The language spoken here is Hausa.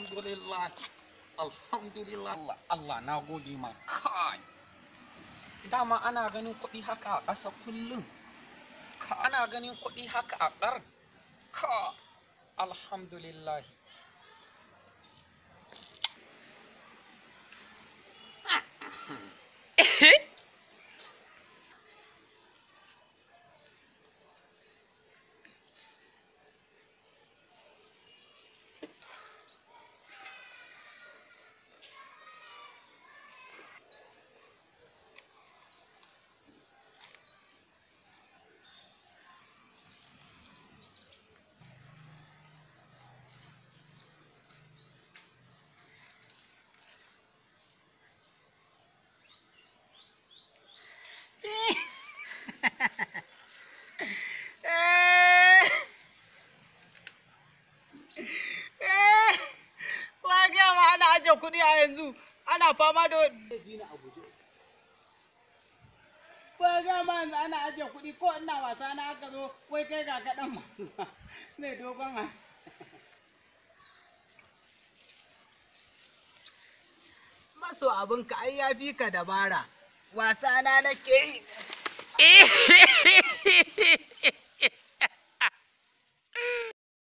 alhamdulillah alhamdulillah ana ganin kuɗi haka a ƙasa kullum ana ganin kuɗi haka a ajiye kuɗi a yanzu ana fama da ba ga ma yanzu ana ajiye kuɗi ko ina wasa na aka zo wai kai ga kaɗan masu mai dogon hannu maso abinka ai ya fi ka dabara wasa na nake yi